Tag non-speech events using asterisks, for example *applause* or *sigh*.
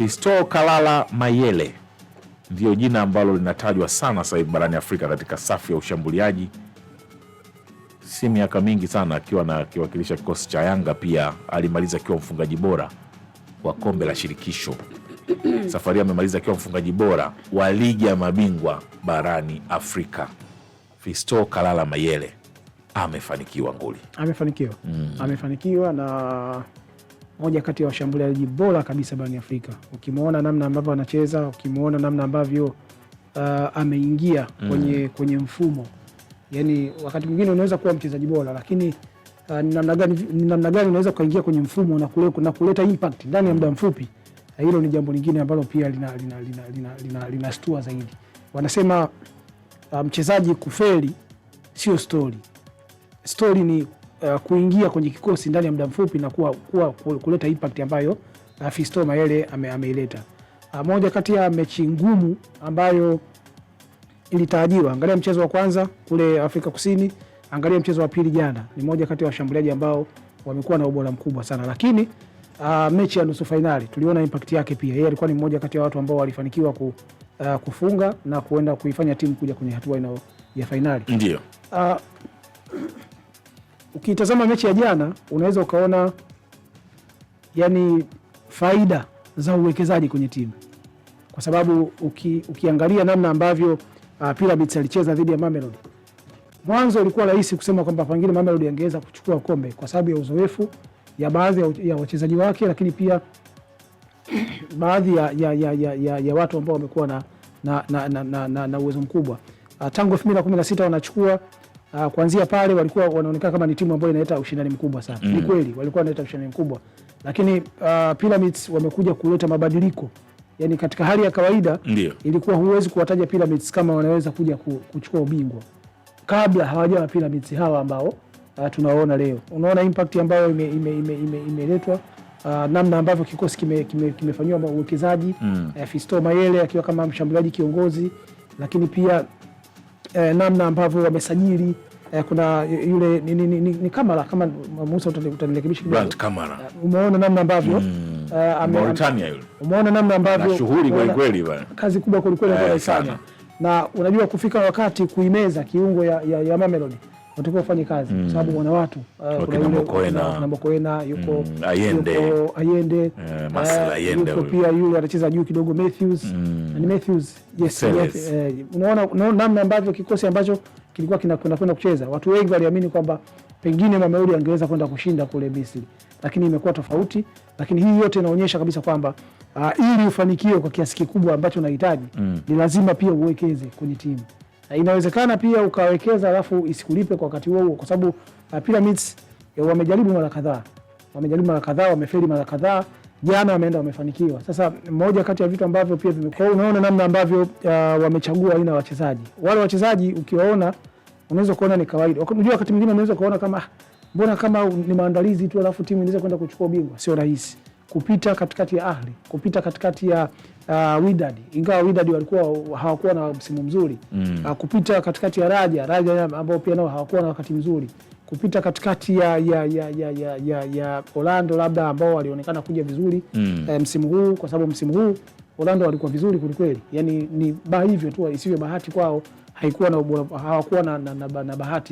Fisto Kalala Mayele ndiyo jina ambalo linatajwa sana sasa hivi barani Afrika katika safu ya ushambuliaji, si miaka mingi sana akiwa na akiwakilisha kikosi cha Yanga. Pia alimaliza akiwa mfungaji bora wa kombe la shirikisho *clears throat* safari amemaliza akiwa mfungaji bora wa ligi ya mabingwa barani Afrika. Fisto Kalala Mayele amefanikiwa nguli, amefanikiwa mm. amefanikiwa na moja kati ya washambuliaji bora kabisa barani Afrika. Ukimwona namna ambavyo anacheza, ukimwona namna ambavyo uh, ameingia kwenye, mm. kwenye mfumo, yani, wakati mwingine unaweza kuwa mchezaji bora lakini uh, ni namna gani namna unaweza ukaingia kwenye mfumo na, kule, na kuleta impact ndani ya muda mfupi. Uh, hilo ni jambo lingine ambalo pia linastua lina, lina, lina, lina, lina zaidi. Wanasema uh, mchezaji kuferi kufeli sio stori, stori ni uh, kuingia kwenye kikosi ndani ya muda mfupi na kuwa, kuwa, kuleta impact ambayo uh, Fiston Mayele ame, ameileta. Uh, moja kati ya mechi ngumu ambayo ilitarajiwa, angalia mchezo wa kwanza kule Afrika Kusini, angalia mchezo wa pili jana, ni moja kati ya washambuliaji ambao wamekuwa na ubora mkubwa sana, lakini uh, mechi ya nusu fainali tuliona impact yake pia. Yeye alikuwa ni mmoja kati ya watu ambao walifanikiwa ku, uh, kufunga na kuenda kuifanya timu kuja kwenye hatua ya fainali. Ndio. Uh, Ukitazama mechi ya jana unaweza ukaona yani faida za uwekezaji kwenye timu, kwa sababu uki, ukiangalia namna ambavyo uh, Pyramids alicheza dhidi ya Mamelodi, mwanzo ulikuwa rahisi kusema kwamba pengine Mamelodi angeweza kuchukua kombe kwa sababu ya uzoefu ya baadhi ya, ya wachezaji wake, lakini pia *clears throat* baadhi ya, ya, ya, ya, ya, ya watu ambao wamekuwa na, na, na, na, na, na uwezo mkubwa uh, tangu elfu mbili na kumi na sita wanachukua Uh, kuanzia pale walikuwa wanaonekana kama ni timu ambayo inaleta ushindani mkubwa sana. Mm. Ni kweli walikuwa wanaleta ushindani mkubwa. Lakini uh, Pyramids wamekuja kuleta mabadiliko. Yaani katika hali ya kawaida Ndiyo. ilikuwa huwezi kuwataja Pyramids kama wanaweza kuja kuchukua ubingwa. Kabla hawajawa Pyramids hawa ambao uh, tunawaona leo. Unaona impact ambayo imeletwa ime, ime, ime, ime Uh, namna ambavyo kikosi kimefanyiwa kime, kime uwekezaji mm. Uh, eh, Fisto Mayele akiwa kama mshambuliaji kiongozi, lakini pia eh, namna ambavyo wamesajili eh, kuna yule ni, ni, ni, ni, ni Kamara kama Musa utanirekebisha Brand Kamara, eh, umeona namna ambavyo mm, uh, Mauritania yule, umeona namna ambavyo shughuli kwa kweli bwana, kazi kubwa kweli kweli eh, ambayo na unajua kufika wakati kuimeza kiungo ya, ya, ya Mamelodi watakiwa wafanye kazi kwa mm. sababu wana watu kuna Mokoena yuko mm, Ayende, yuko eh, eh, pia yule anacheza juu kidogo Matthews, mm. ni yaani Matthews, yes, eh, unaona namna ambavyo kikosi ambacho kilikuwa kinakwenda kucheza. Watu wengi waliamini kwamba pengine Mamelodi angeweza kwenda kushinda kule Misri, lakini imekuwa tofauti. Lakini hii yote inaonyesha kabisa kwamba uh, ili ufanikiwe kwa kiasi kikubwa ambacho unahitaji mm, ni lazima pia uwekeze kwenye timu. Eh, inawezekana pia ukawekeza alafu isikulipe kwa wakati huo huo, kwa sababu eh, Pyramids eh, wamejaribu mara kadhaa, wamejaribu mara kadhaa, wamefeli mara kadhaa. Jana wameenda wamefanikiwa. Sasa moja kati ya vitu ambavyo pia vimekuwa, unaona namna ambavyo uh, wamechagua aina ya wachezaji wale. Wachezaji ukiwaona unaweza kuona ni kawaida. Unajua wakati mwingine unaweza kuona kama ah, mbona kama ni maandalizi tu, alafu timu inaweza kwenda kuchukua ubingwa. Sio rahisi kupita katikati ya Ahli, kupita katikati ya uh, Widadi, ingawa Widadi walikuwa hawakuwa na msimu mzuri mm. uh, kupita katikati ya Raja, Raja ambao pia nao hawakuwa na wakati mzuri, kupita katikati ya, ya, ya, ya, ya, ya, ya Orlando labda ambao walionekana kuja vizuri mm. uh, msimu huu kwa sababu msimu huu Orlando walikuwa vizuri kwelikweli, yani ni ba hivyo tu, isivyo bahati kwao haikuwa na hawakuwa na, na, na, na bahati